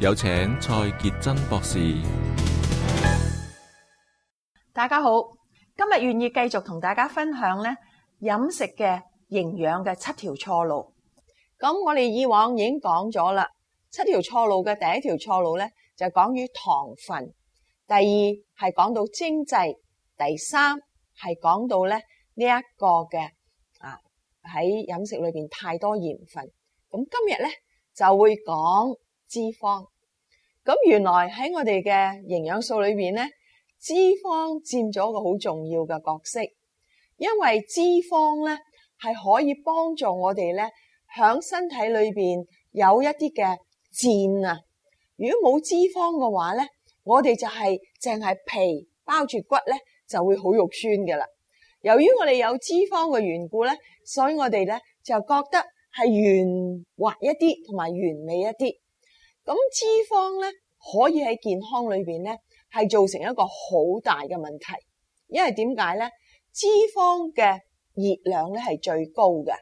有請蔡潔珍博士。大家好，今日願意繼續同大家分享咧飲食嘅營養嘅七條錯路。咁我哋以往已經講咗啦，七條錯路嘅第一條錯路咧就係講於糖分，第二係講到精製，第三係講到咧呢一個嘅啊喺飲食裏邊太多鹽分。咁今日咧就會講脂肪。咁原來喺我哋嘅營養素裏邊咧，脂肪佔咗個好重要嘅角色，因為脂肪咧係可以幫助我哋咧響身體裏邊有一啲嘅箭啊。如果冇脂肪嘅話咧，我哋就係淨係皮包住骨咧，就會好肉酸㗎啦。由於我哋有脂肪嘅緣故咧，所以我哋咧就覺得係圓滑一啲，同埋完美一啲。咁脂肪咧。可以喺健康裏邊咧，係造成一個好大嘅問題，因為點解咧？脂肪嘅熱量咧係最高嘅，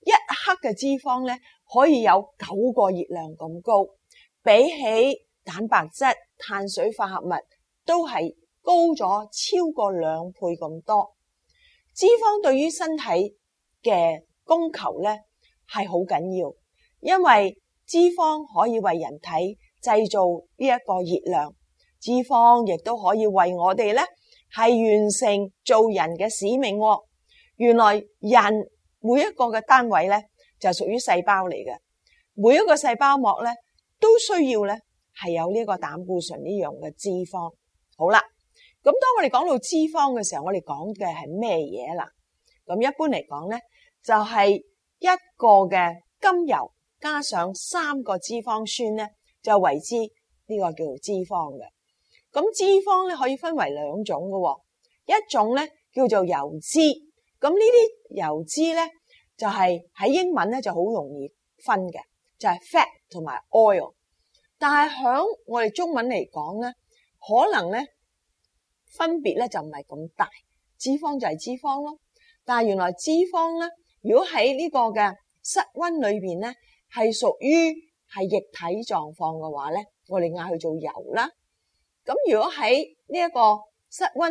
一克嘅脂肪咧可以有九個熱量咁高，比起蛋白質、碳水化合物都係高咗超過兩倍咁多。脂肪對於身體嘅供求咧係好緊要，因為脂肪可以為人體。製造呢一個熱量，脂肪亦都可以為我哋咧係完成做人嘅使命喎。原來人每一個嘅單位咧就屬於細胞嚟嘅，每一個細胞膜咧都需要咧係有呢個膽固醇呢樣嘅脂肪。好啦，咁當我哋講到脂肪嘅時候，我哋講嘅係咩嘢啦？咁一般嚟講咧，就係一個嘅甘油加上三個脂肪酸咧，就為之呢、呢個叫做脂肪嘅，咁脂肪咧可以分為兩種嘅、哦，一種咧叫做油脂，咁呢啲油脂咧就係、是、喺英文咧就好容易分嘅，就係、是、fat 同埋 oil，但係響我哋中文嚟講咧，可能咧分別咧就唔係咁大，脂肪就係脂肪咯，但係原來脂肪咧，如果喺呢個嘅室温裏邊咧，係屬於。係液體狀況嘅話咧，我哋嗌佢做油啦。咁如果喺呢一個室溫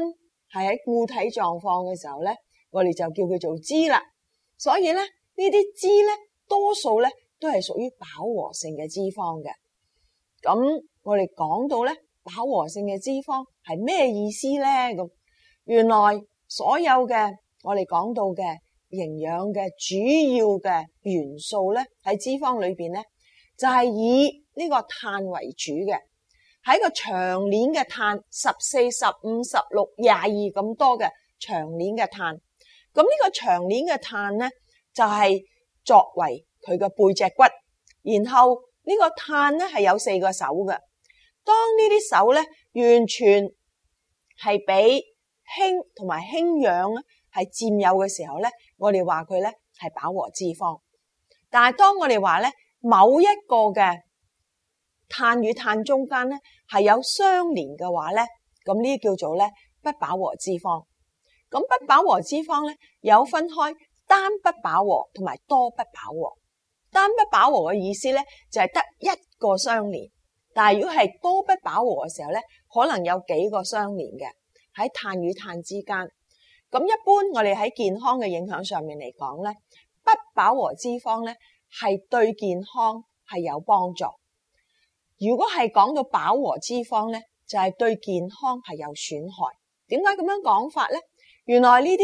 係喺固體狀況嘅時候咧，我哋就叫佢做脂啦。所以咧，呢啲脂咧，多數咧都係屬於飽和性嘅脂肪嘅。咁我哋講到咧飽和性嘅脂肪係咩意思咧？咁原來所有嘅我哋講到嘅營養嘅主要嘅元素咧喺脂肪裏面咧。就係以呢個碳為主嘅，係一個長鏈嘅碳十四、十五、十六、廿二咁多嘅長鏈嘅碳。咁呢個長鏈嘅碳咧，就係作為佢嘅背脊骨。然後呢個碳咧係有四個手嘅。當這些手呢啲手咧完全係俾氫同埋氫氧咧係佔有嘅時候咧，我哋話佢咧係飽和脂肪。但係當我哋話咧。某一個嘅碳與碳中間咧，係有相連嘅話咧，咁呢叫做咧不飽和脂肪。咁不飽和脂肪咧有分開單不飽和同埋多不飽和。單不飽和嘅意思咧就係得一個相連，但係如果係多不飽和嘅時候咧，可能有幾個相連嘅喺碳與碳之間。咁一般我哋喺健康嘅影響上面嚟講咧，不飽和脂肪咧。係對健康係有幫助。如果係講到飽和脂肪咧，就係對健康係有損害。點解咁樣講法咧？原來呢啲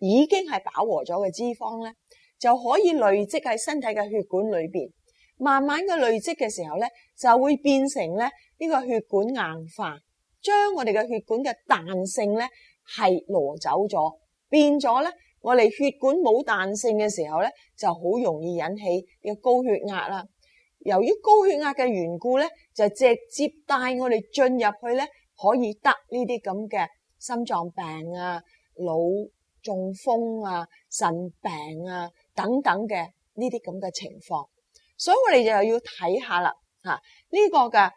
已經係飽和咗嘅脂肪咧，就可以累積喺身體嘅血管裏邊，慢慢嘅累積嘅時候咧，就會變成咧呢個血管硬化，將我哋嘅血管嘅彈性咧係挪走咗，變咗咧。我哋血管冇彈性嘅時候咧，就好容易引起嘅高血壓啦。由於高血壓嘅緣故咧，就直接帶我哋進入去咧，可以得呢啲咁嘅心臟病啊、腦中風啊、腎病啊等等嘅呢啲咁嘅情況。所以我哋就要睇下啦，吓、這、呢個嘅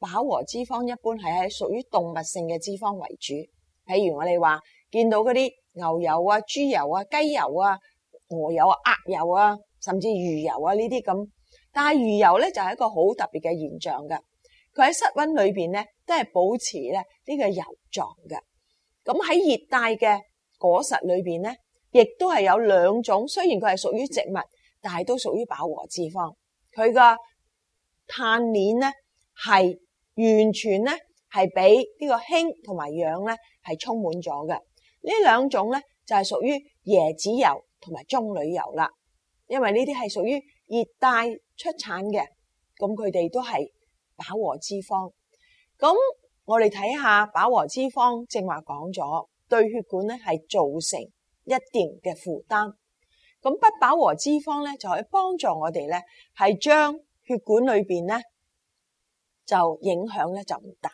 飽和脂肪一般係喺屬於動物性嘅脂肪為主。譬如我哋話見到嗰啲牛油啊、豬油啊、雞油啊、鵝油啊、鴨油啊，甚至魚油啊呢啲咁，但係魚油咧就係一個好特別嘅現象嘅，佢喺室溫裏邊咧都係保持咧呢個油狀嘅。咁喺熱帶嘅果實裏邊咧，亦都係有兩種，雖然佢係屬於植物，但係都屬於飽和脂肪，佢嘅碳鏈咧係完全咧。係俾呢個氫同埋氧咧，係充滿咗嘅。呢兩種咧就係、是、屬於椰子油同埋棕櫚油啦。因為呢啲係屬於熱帶出產嘅，咁佢哋都係飽和脂肪。咁我哋睇下飽和脂肪，正話講咗，對血管咧係造成一定嘅負擔。咁不飽和脂肪咧，就可以幫助我哋咧，係將血管裏邊咧就影響咧就唔大。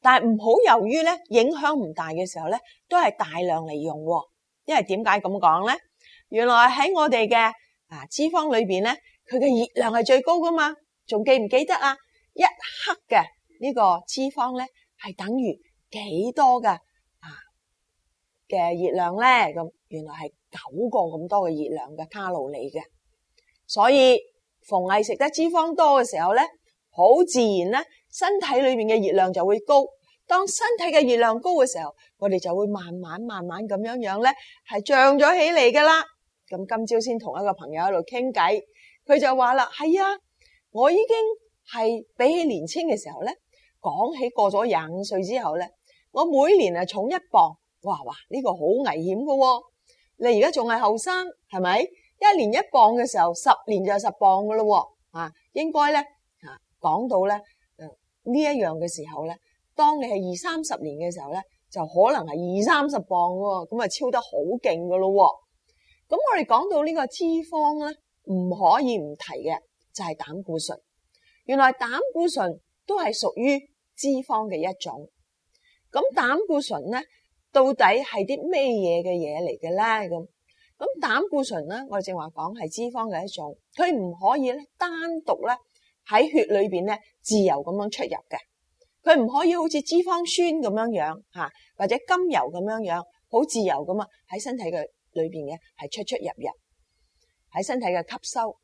但係唔好由於咧影響唔大嘅時候咧，都係大量嚟用，因為點解咁講咧？原來喺我哋嘅啊脂肪裏邊咧，佢嘅熱量係最高噶嘛？仲記唔記得啊？一克嘅呢個脂肪咧，係等於幾多嘅啊嘅熱量咧？咁原來係九個咁多嘅熱量嘅卡路里嘅，所以逢係食得脂肪多嘅時候咧，好自然咧，身體裏面嘅熱量就會高，當身體嘅熱量高嘅時候，我哋就會慢慢慢慢咁樣樣咧，係漲咗起嚟噶啦。咁今朝先同一個朋友喺度傾偈，佢就話啦：，係啊，我已經係比起年青嘅時候咧，講起過咗廿五歲之後咧，我每年係重一磅。哇哇，呢個好危險噶喎。你而家仲係後生，係咪？一年一磅嘅時候，十年就十磅噶啦。啊，應該咧，啊講到咧。呢一樣嘅時候咧，當你係二三十年嘅時候咧，就可能係二三十磅喎，咁啊超得好勁噶咯喎。咁我哋講到呢個脂肪咧，唔可以唔提嘅就係膽固醇。原來膽固醇都係屬於脂肪嘅一種。咁膽固醇咧，到底係啲咩嘢嘅嘢嚟嘅咧？咁咁膽固醇咧，我哋正話講係脂肪嘅一種，佢唔可以咧單獨咧，喺血裏邊咧，自由咁樣出入嘅，佢唔可以好似脂肪酸咁樣樣吓，或者甘油咁樣樣，好自由咁啊喺身體嘅裏邊嘅係出出入入，喺身體嘅吸收，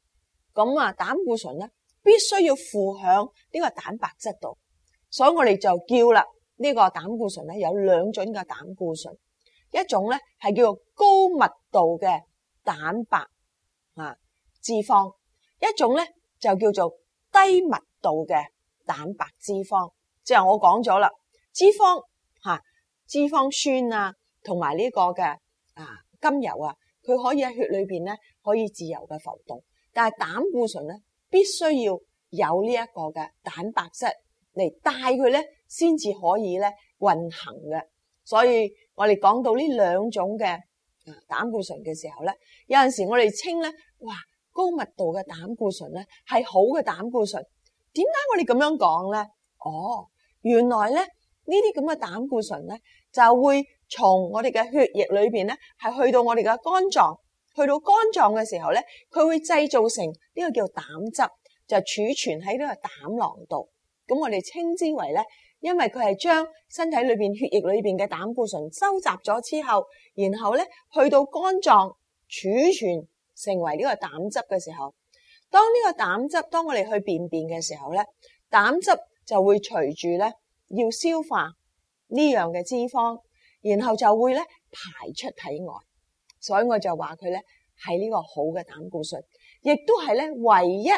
咁啊膽固醇咧必須要附響呢個蛋白質度，所以我哋就叫啦呢個膽固醇咧有兩種嘅膽固醇，一種咧係叫做高密度嘅蛋白啊脂肪，一種咧就叫做。低密度嘅蛋白脂肪，即係我講咗啦，脂肪吓、脂肪酸啊，同埋呢個嘅啊甘油啊，佢可以喺血裏邊咧可以自由嘅浮動，但係膽固醇咧，必須要有呢一個嘅蛋白質嚟帶佢咧，先至可以咧運行嘅。所以我哋講到呢兩種嘅、啊、膽固醇嘅時候咧，有陣時我哋稱咧，哇！高密度嘅膽固醇咧係好嘅膽固醇，點解我哋咁樣講咧？哦，原來咧呢啲咁嘅膽固醇咧就會從我哋嘅血液裏面咧係去到我哋嘅肝臟，去到肝臟嘅時候咧，佢會製造成呢個叫膽汁，就儲存喺呢個膽囊度。咁我哋稱之為咧，因為佢係將身體裏面血液裏面嘅膽固醇收集咗之後，然後咧去到肝臟儲存。成為呢個膽汁嘅時候，當呢個膽汁，當我哋去便便嘅時候咧，膽汁就會隨住咧要消化呢樣嘅脂肪，然後就會咧排出體外。所以我就話佢咧係呢個好嘅膽固醇，亦都係咧唯一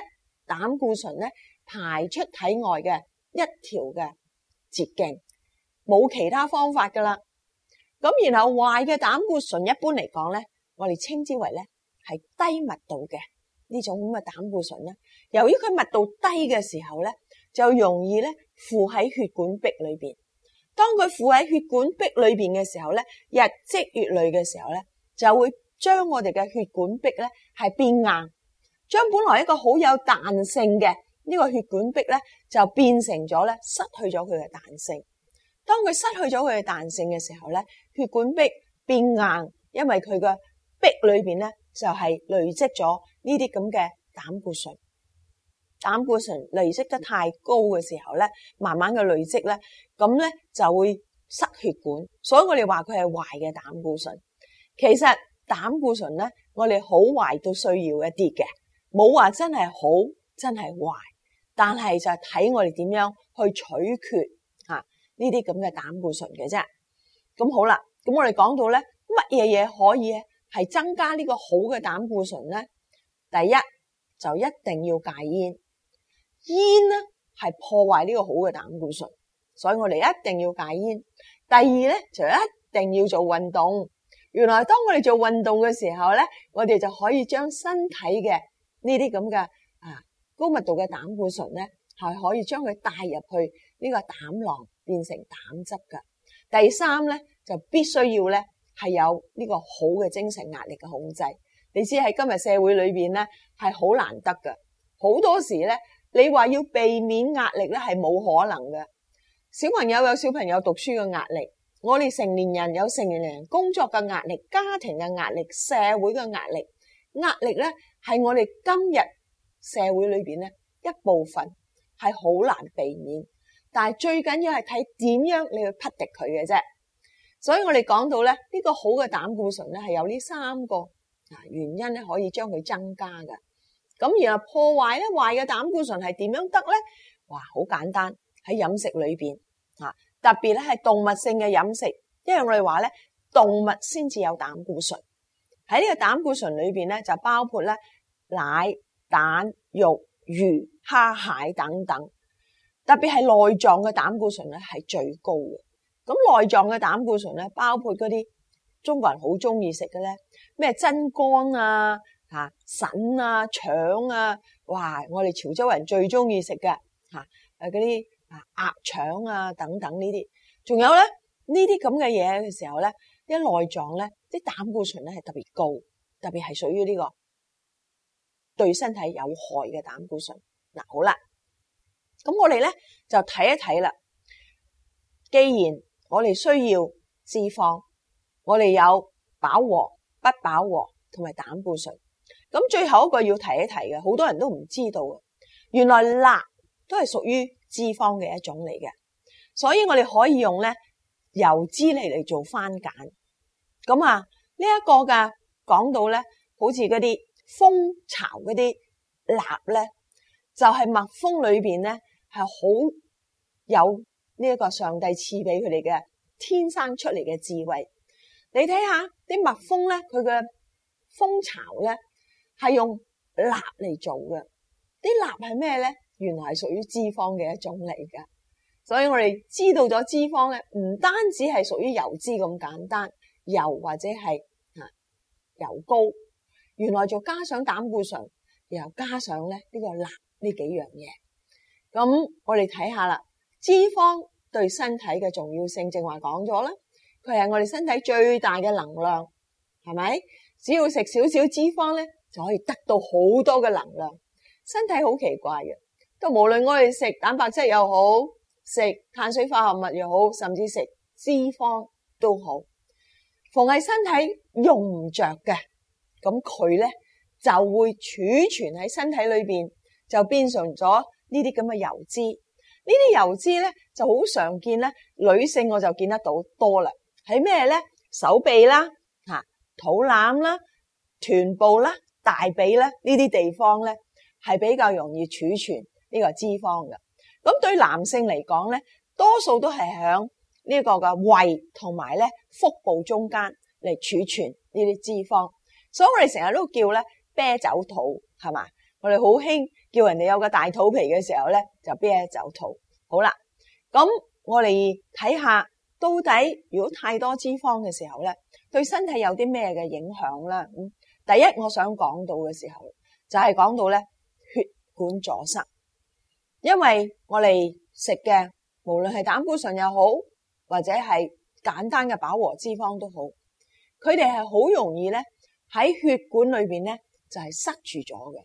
膽固醇咧排出體外嘅一條嘅捷徑，冇其他方法㗎喇。咁然後壞嘅膽固醇一般嚟講咧，我哋稱之為咧。係低密度嘅呢種咁嘅膽固醇咧，由於佢密度低嘅時候咧，就容易咧附喺血管壁裏邊。當佢附喺血管壁裏邊嘅時候咧，日積月累嘅時候咧，就會將我哋嘅血管壁咧係變硬，將本來一個好有彈性嘅呢個血管壁咧就變成咗咧失去咗佢嘅彈性。當佢失去咗佢嘅彈性嘅時候咧，血管壁變硬，因為佢嘅壁裏邊咧。就係累積咗呢啲咁嘅膽固醇，膽固醇累積得太高嘅時候咧，慢慢嘅累積咧，咁咧就會塞血管，所以我哋話佢係壞嘅膽固醇。其實膽固醇咧，我哋好壞都需要一啲嘅，冇話真係好，真係壞，但係就係睇我哋點樣去取決吓呢啲咁嘅膽固醇嘅啫。咁好啦，咁我哋講到咧，乜嘢嘢可以咧？係增加呢個好嘅膽固醇咧，第一就一定要戒煙，煙咧係破壞呢個好嘅膽固醇，所以我哋一定要戒煙。第二咧就一定要做運動。原來當我哋做運動嘅時候咧，我哋就可以將身體嘅呢啲咁嘅啊高密度嘅膽固醇咧，係可以將佢帶入去呢個膽囊變成膽汁噶。第三咧就必須要咧。係有呢個好嘅精神壓力嘅控制，你知喺今日社會裏面呢，係好難得嘅。好多時呢，你話要避免壓力呢，係冇可能嘅。小朋友有小朋友讀書嘅壓力，我哋成年人有成年人工作嘅壓力、家庭嘅壓力、社會嘅壓力。壓力呢，係我哋今日社會裏面呢一部分係好難避免，但係最緊要係睇點樣你去匹敵佢嘅啫。所以，我哋講到呢，呢個好嘅膽固醇呢，係有呢三個，原因可以將佢增加嘅。咁，而破壞呢，壞嘅膽固醇係點樣得呢？哇，好簡單，喺飲食裏面。特別呢，係動物性嘅飲食。因為我哋話呢，動物先至有膽固醇。喺呢個膽固醇裏面呢，就包括呢，奶、蛋、肉、魚、蝦、蟹、等等。特別係內臟嘅膽固醇呢，係最高嘅。咁內臟嘅膽固醇咧，包括嗰啲中國人好中意食嘅咧，咩真肝啊、吓腎啊、腸啊，啊，哇！我哋潮州人最中意食嘅吓，誒嗰啲啊鴨腸啊等等呢啲，仲有咧呢啲咁嘅嘢嘅時候咧，啲內臟咧啲膽固醇咧係特別高，特別係屬於呢個對身體有害嘅膽固醇。嗱，啊，好啦，咁我哋咧就睇一睇啦，既然我哋需要脂肪，我哋有飽和、不飽和同埋膽固醇。咁最後一個要提一提嘅，好多人都唔知道嘅，原來蠟都係屬於脂肪嘅一種嚟嘅。所以我哋可以用咧油脂嚟嚟做番梘。咁啊，呢、這、一個噶講到咧，好似嗰啲蜂巢嗰啲蠟咧，就係、是、蜜蜂裏邊咧係好有。呢一個上帝賜俾佢哋嘅天生出嚟嘅智慧，你看看，你睇下啲蜜蜂咧，佢嘅蜂巢咧係用蠟嚟做嘅，啲蠟係咩咧？原來係屬於脂肪嘅一種嚟噶。所以我哋知道咗脂肪咧，唔單止係屬於油脂咁簡單，油或者係嚇油膏，原來就加上膽固醇，然後加上咧呢個蠟呢幾樣嘢。咁我哋睇下啦。脂肪對身體嘅重要性，正話講咗啦，佢係我哋身體最大嘅能量，係咪？只要食少少脂肪咧，就可以得到好多嘅能量。身體好奇怪嘅，都無論我哋食蛋白質又好，食碳水化合物又好，甚至食脂肪都好，逢係身體用唔着嘅，咁佢咧就會儲存喺身體裏邊，就變成咗呢啲咁嘅油脂。呢啲油脂咧就好常見咧，女性我就見得到多啦，喺咩咧？手臂啦，嚇，肚腩啦，臀部啦，大髀咧，呢啲地方咧係比較容易儲存呢個脂肪嘅。咁對男性嚟講咧，多數都係喺呢個嘅胃同埋咧腹部中間嚟儲存呢啲脂肪，所以我哋成日都叫咧啤酒肚，係嘛？我哋好興。叫人哋有個大肚皮嘅時候咧，就必咧走肚。好啦，咁我哋睇下到底如果太多脂肪嘅時候咧，對身體有啲咩嘅影響啦，嗯？第一，我想講到嘅時候就係、是、講到咧血管阻塞，因為我哋食嘅無論係膽固醇又好，或者係簡單嘅飽和脂肪都好，佢哋係好容易咧喺血管裏邊咧就係塞住咗嘅。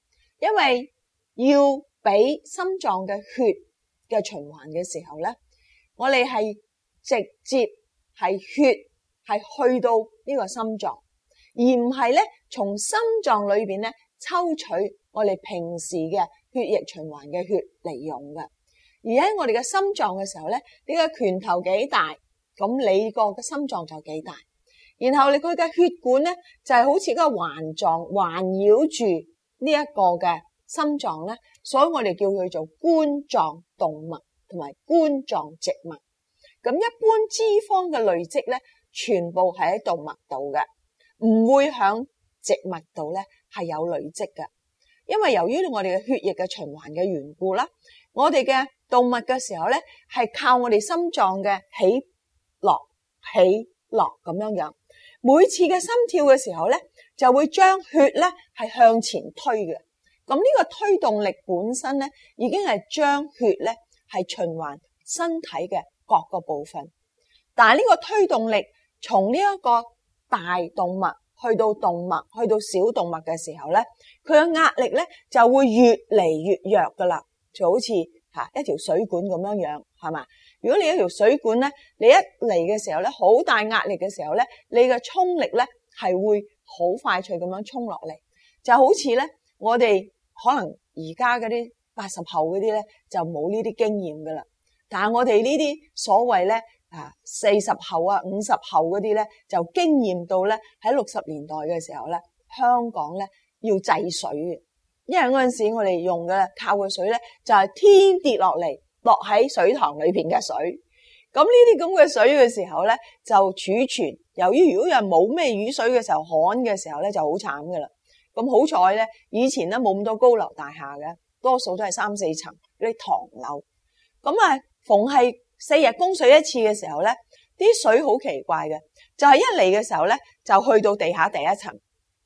因為要俾心臟嘅血嘅循環嘅時候咧，我哋係直接係血係去到呢個心臟，而唔係咧從心臟裏邊咧抽取我哋平時嘅血液循環嘅血嚟用嘅。而喺我哋嘅心臟嘅時候咧，呢個拳頭幾大，咁你個嘅心臟就幾大，然後你佢嘅血管咧就係好似一個環狀環繞住。呢一個嘅心臟咧，所以我哋叫佢做冠狀動物同埋冠狀植物。咁一般脂肪嘅累積咧，全部係喺動物度嘅，唔會響植物度咧係有累積嘅。因為由於我哋嘅血液嘅循環嘅緣故啦，我哋嘅動物嘅時候咧，係靠我哋心臟嘅起落起落咁樣樣，每次嘅心跳嘅時候咧。就會將血咧係向前推嘅。咁呢個推動力本身咧，已經係將血咧係循環身體嘅各個部分。但係呢個推動力從呢一個大動脈去到動脈去到小動脈嘅時候咧，佢嘅壓力咧就會越嚟越弱噶啦。就好似吓一條水管咁樣樣係嘛？如果你一條水管咧，你一嚟嘅時候咧好大壓力嘅時候咧，你嘅衝力咧係會。好快脆咁樣沖落嚟，就好似咧，我哋可能而家嗰啲八十後嗰啲咧，就冇呢啲經驗㗎喇。但係我哋呢啲所謂咧啊，四十後啊、五十後嗰啲咧，就經驗到咧喺六十年代嘅時候咧，香港咧要制水嘅，因為嗰陣時我哋用嘅靠嘅水咧就係天跌落嚟落喺水塘裏面嘅水。咁呢啲咁嘅水嘅時候咧，就儲存。由於如果人冇咩雨水嘅時候，旱嘅時候咧就，慘，好慘噶啦，咁好彩咧，以前咧冇咁多高樓大廈嘅，多數都係三四層嗰啲唐樓，咁啊逢係四日供水一次嘅時候咧，啲水好奇怪嘅，就係、是、一嚟嘅時候咧就去到地下第一層，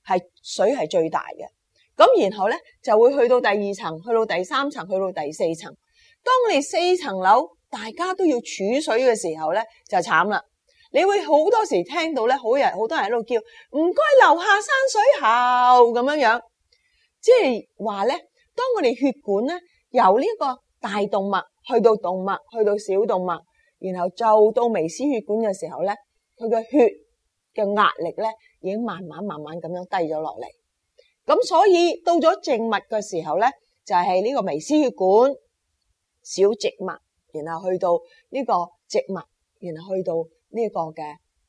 係水係最大嘅，咁然後咧就會去到第二層，去到第三層，去到第四層，當你四層樓大家都要儲水嘅時候咧就慘啦。你會好多時聽到咧，好人好多人喺度叫唔該，留下山水喉」。咁樣樣，即係話咧，當我哋血管咧由呢個大動脈去到動脈，去到小動脈，然後就到微絲血管嘅時候咧，佢嘅血嘅壓力咧已經慢慢慢慢咁樣低咗落嚟。咁所以到咗靜脈嘅時候咧，就係、是、呢個微絲血管、小靜脈，然後去到呢個靜脈，然後去到。呢個嘅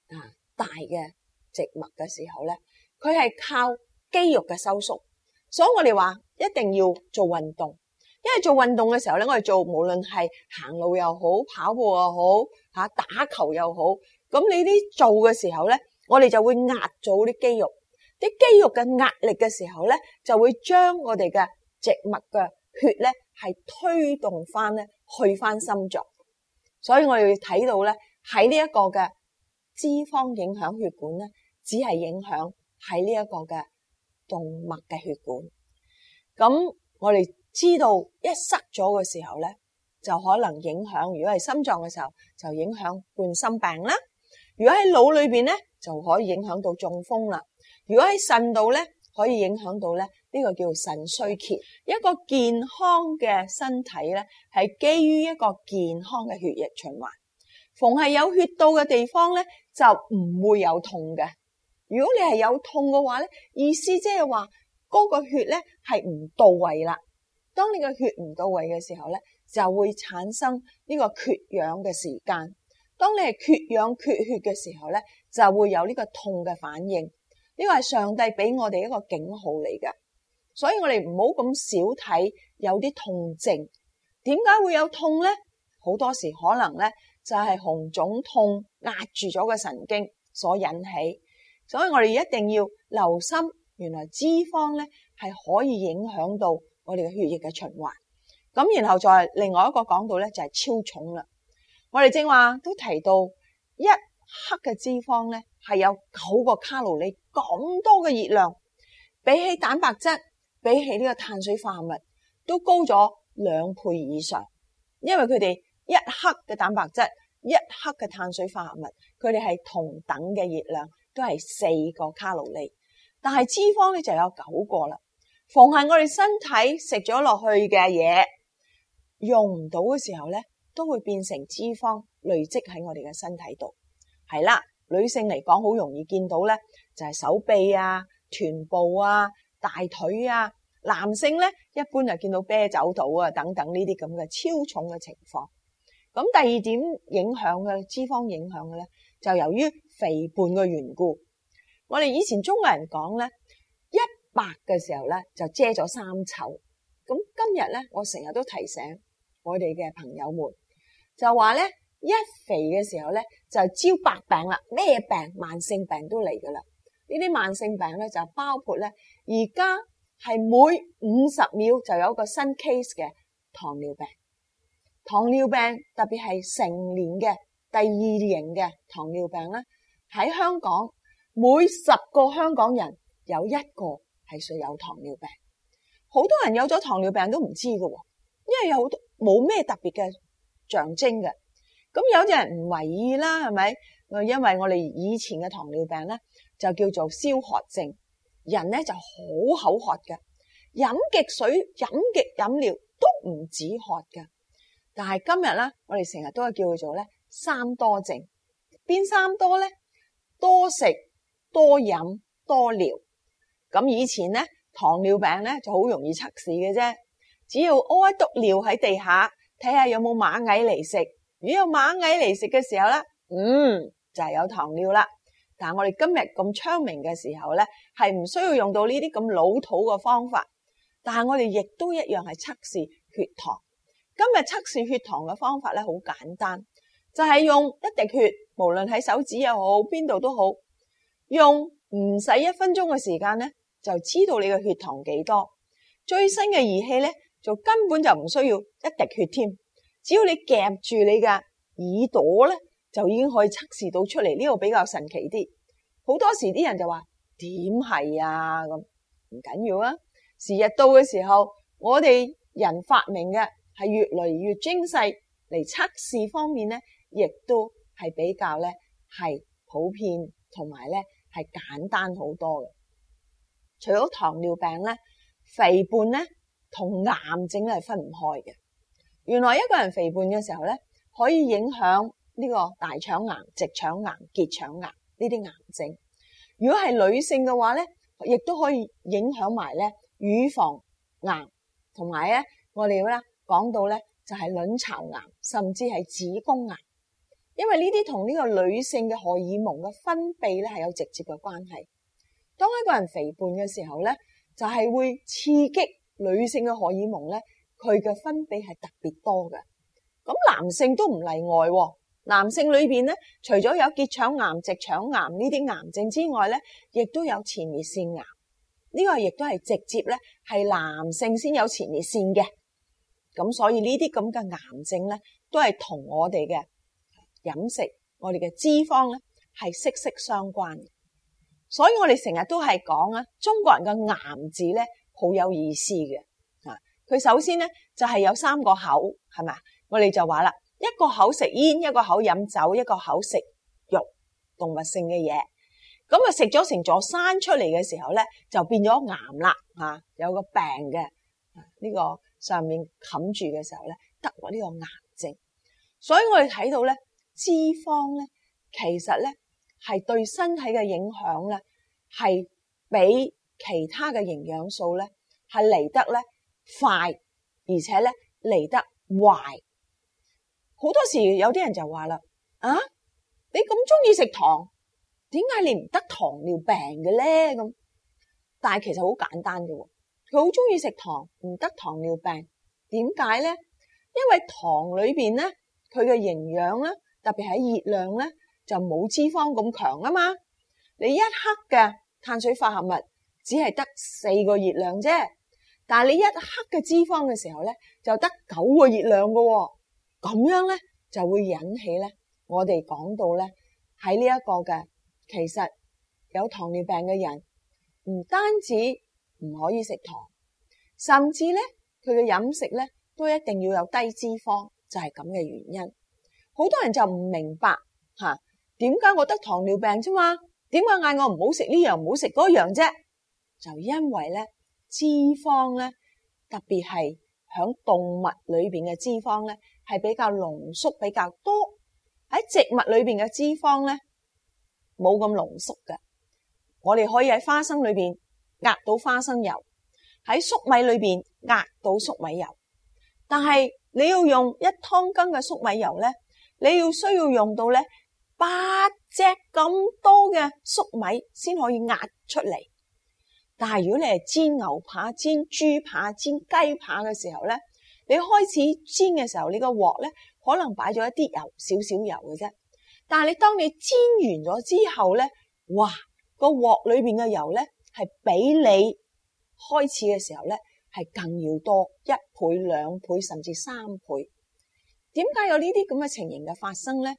啊大嘅植物嘅時候咧，佢係靠肌肉嘅收縮，所以我哋話一定要做運動，因為做運動嘅時候咧，我哋做無論係行路又好，跑步又好，吓打球又好，咁你啲做嘅時候咧，我哋就會壓到啲肌肉，啲肌肉嘅壓力嘅時候咧，就會將我哋嘅植物嘅血咧係推動翻咧去翻心臟，所以我哋會睇到咧。喺呢一個嘅脂肪影響血管呢，只係影響喺呢一個嘅動脈嘅血管。咁我哋知道一塞咗嘅時候呢，就可能影響。如果係心臟嘅時候，就影響冠心病啦。如果喺腦裏邊呢，就可以影響到中風啦。如果喺腎度呢，可以影響到咧呢個叫腎衰竭。一個健康嘅身體呢，係基於一個健康嘅血液循環。逢係有血到嘅地方咧，就唔會有痛嘅。如果你係有痛嘅話咧，意思即係話嗰個血咧係唔到位啦。當你個血唔到位嘅時候咧，就會產生呢個缺氧嘅時間。當你係缺氧缺血嘅時候咧，就會有呢個痛嘅反應。呢個係上帝俾我哋一個警號嚟嘅。所以我哋唔好咁少睇，有啲痛症。點解會有痛咧？好多時可能咧。就係紅腫痛壓住咗個神經所引起，所以我哋一定要留心。原來脂肪咧係可以影響到我哋嘅血液嘅循環。咁然後再另外一個講到咧就係超重啦。我哋正話都提到一克嘅脂肪咧係有九個卡路里咁多嘅熱量，比起蛋白質、比起呢個碳水化合物都高咗兩倍以上，因為佢哋。一克嘅蛋白質，一克嘅碳水化合物，佢哋係同等嘅熱量，都係四個卡路里。但係脂肪呢就有九個啦。逢係我哋身體食咗落去嘅嘢，用唔到嘅時候咧，都會變成脂肪累積喺我哋嘅身體度。係啦，女性嚟講好容易見到咧，就係手臂啊、臀部啊、大腿啊。男性呢一般就見到啤酒肚啊等等呢啲咁嘅超重嘅情況。咁第二點影響嘅脂肪影響嘅咧，就由於肥胖嘅緣故。我哋以前中國人講咧，一白嘅時候咧就遮咗三醜。咁今日咧，我成日都提醒我哋嘅朋友們就話咧一肥嘅時候咧就招百病啦，咩病慢性病都嚟噶啦。呢啲慢性病咧就包括咧，而家係每五十秒就有個新 case 嘅糖尿病。糖尿病特別係成年嘅第二型嘅糖尿病咧，喺香港每十個香港人有一個係算有糖尿病。好多人有咗糖尿病都唔知㗎，因為有好多冇咩特別嘅象徵嘅。咁有啲人唔為意啦，係咪？因為我哋以前嘅糖尿病咧就叫做消渴症，人咧就好口渴㗎，飲極水、飲極飲料都唔止渴㗎。但係今日咧，我哋成日都係叫佢做咧三多症，邊三多咧？多食、多飲、多尿。咁以前咧，糖尿病咧就好容易測試嘅啫，只要屙一篤尿喺地下，睇下有冇螞蟻嚟食。如果有螞蟻嚟食嘅時候咧，嗯，就係有糖尿啦。但係我哋今日咁昌明嘅時候咧，係唔需要用到呢啲咁老土嘅方法。但係我哋亦都一樣係測試血糖。今日測試血糖嘅方法咧，好簡單，就係、是、用一滴血，無論喺手指又好，邊度都好，用唔使一分鐘嘅時間咧，就知道你嘅血糖幾多。最新嘅儀器咧，就根本就唔需要一滴血添，只要你夾住你嘅耳朵咧，就已經可以測試到出嚟。呢個比較神奇啲，好多時啲人就話點係啊，咁唔緊要啊。時日到嘅時候，我哋人發明嘅。係越嚟越精細，嚟測試方面咧，亦都係比較咧係普遍同埋咧係簡單好多嘅。除咗糖尿病咧，肥胖咧同癌症咧係分唔開嘅。原來一個人肥胖嘅時候咧，可以影響呢個大腸癌、直腸癌、結腸癌呢啲癌症。如果係女性嘅話咧，亦都可以影響埋咧乳房癌同埋咧我尿啦。講到咧就係卵巢癌，甚至係子宮癌，因為呢啲同呢個女性嘅荷爾蒙嘅分泌咧係有直接嘅關係。當一個人肥胖嘅時候咧，就係會刺激女性嘅荷爾蒙咧，佢嘅分泌係特別多嘅。咁男性都唔例外，男性裏邊咧，除咗有結腸癌、直腸癌呢啲癌症之外咧，亦都有前列腺癌。呢個亦都係直接咧，係男性先有前列腺嘅。咁所以呢啲咁嘅癌症咧，都係同我哋嘅飲食、我哋嘅脂肪咧，係息息相關嘅。所以我哋成日都係講啊，中國人嘅癌字咧，好有意思嘅。啊，佢首先咧就係有三個口，係咪啊？我哋就話啦，一個口食煙，一個口飲酒，一個口食肉動物性嘅嘢。咁啊食咗成座山出嚟嘅時候咧，就變咗癌啦。嚇，有個病嘅，嚇，呢個。上面冚住嘅時候咧，得過呢個癌症，所以我哋睇到咧，脂肪咧，其實咧係對身體嘅影響咧，係比其他嘅營養素咧係嚟得咧快，而且咧嚟得壞。好多時有啲人就話啦：啊，你咁中意食糖，點解你唔得糖尿病嘅咧？咁，但係其實好簡單嘅喎。佢好中意食糖，唔得糖尿病，點解咧？因為糖裏邊咧，佢嘅營養咧，特別係熱量咧，就冇脂肪咁強啊嘛。你一克嘅碳水化合物只係得四個熱量啫，但係你一克嘅脂肪嘅時候咧，就得九個熱量㗎喎。咁樣咧就會引起咧，我哋講到咧喺呢一個嘅，其實有糖尿病嘅人唔單止，唔可以食糖，甚至咧佢嘅飲食咧都一定要有低脂肪，就係咁嘅原因。好多人就唔明白吓，點解我得糖尿病啫嘛？點解嗌，我唔好食呢樣，唔好食嗰樣啫？就因為咧脂肪咧，特別係響動物裏邊嘅脂肪咧，係比較濃縮，比較多；喺植物裏邊嘅脂肪咧，冇咁濃縮嘅。我哋可以喺花生裏邊。壓到花生油，喺粟米裏邊壓到粟米油。但係你要用一湯羹嘅粟米油咧，你要需要用到咧八隻咁多嘅粟米先可以壓出嚟。但係如果你係煎牛扒、煎豬扒、煎雞扒嘅時候咧，你開始煎嘅時候，你個鑊咧可能擺咗一啲油，少少油嘅啫。但係你當你煎完咗之後咧，哇，個鑊裏邊嘅油咧～係比你開始嘅時候咧，係更要多一倍、兩倍甚至三倍。點解有呢啲咁嘅情形嘅發生咧？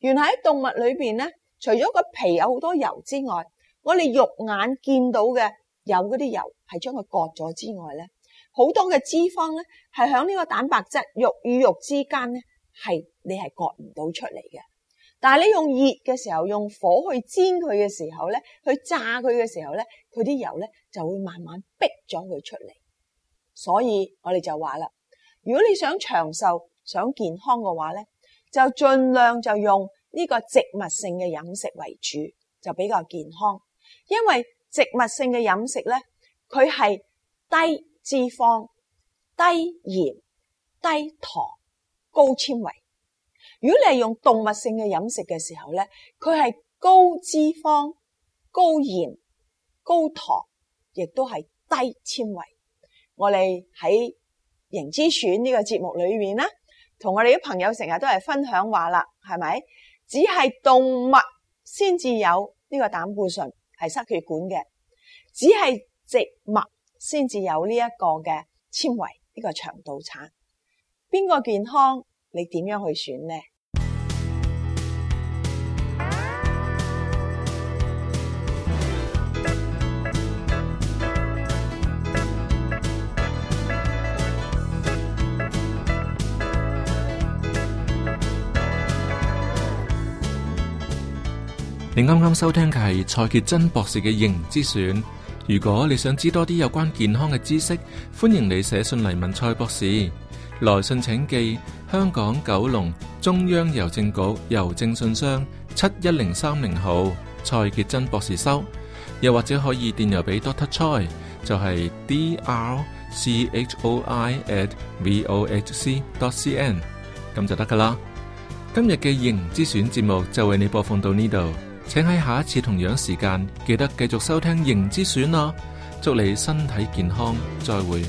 原來喺動物裏面咧，除咗個皮有好多油之外，我哋肉眼見到嘅有嗰啲油係將佢割咗之外咧，好多嘅脂肪咧係響呢個蛋白質肉與肉之間咧，係你係割唔到出嚟嘅。但係你用熱嘅時候，用火去煎佢嘅時候咧，去炸佢嘅時候咧，佢啲油咧就會慢慢逼咗佢出嚟。所以我哋就話啦，如果你想長壽、想健康嘅話咧，就盡量就用呢個植物性嘅飲食為主，就比較健康。因為植物性嘅飲食咧，佢係低脂肪、低鹽、低糖、高纖維。如果你係用動物性嘅飲食嘅時候咧，佢係高脂肪、高鹽、高糖，亦都係低纖維。我哋喺營之選呢個節目裏面呢，同我哋啲朋友成日都係分享話啦，係咪？只係動物先至有呢個膽固醇係塞血管嘅，只係植物先至有呢一個嘅纖維呢個腸道產。邊個健康？你點樣去選呢？你啱啱收聽嘅係蔡杰真蔡潔真博士嘅《形之選》。如果你想知多啲有關健康嘅知識，歡迎你寫信嚟問蔡博士。來信請寄香港九龍中央郵政局郵政信箱七一零三零號蔡杰真博士收，又或者可以電郵俾 Doctor Choi，就係 D R C H O I at V O H C dot C N，咁就得噶啦。今日嘅型之選節目就為你播放到呢度，請喺下一次同樣時間記得繼續收聽型之選啦。祝你身體健康，再會。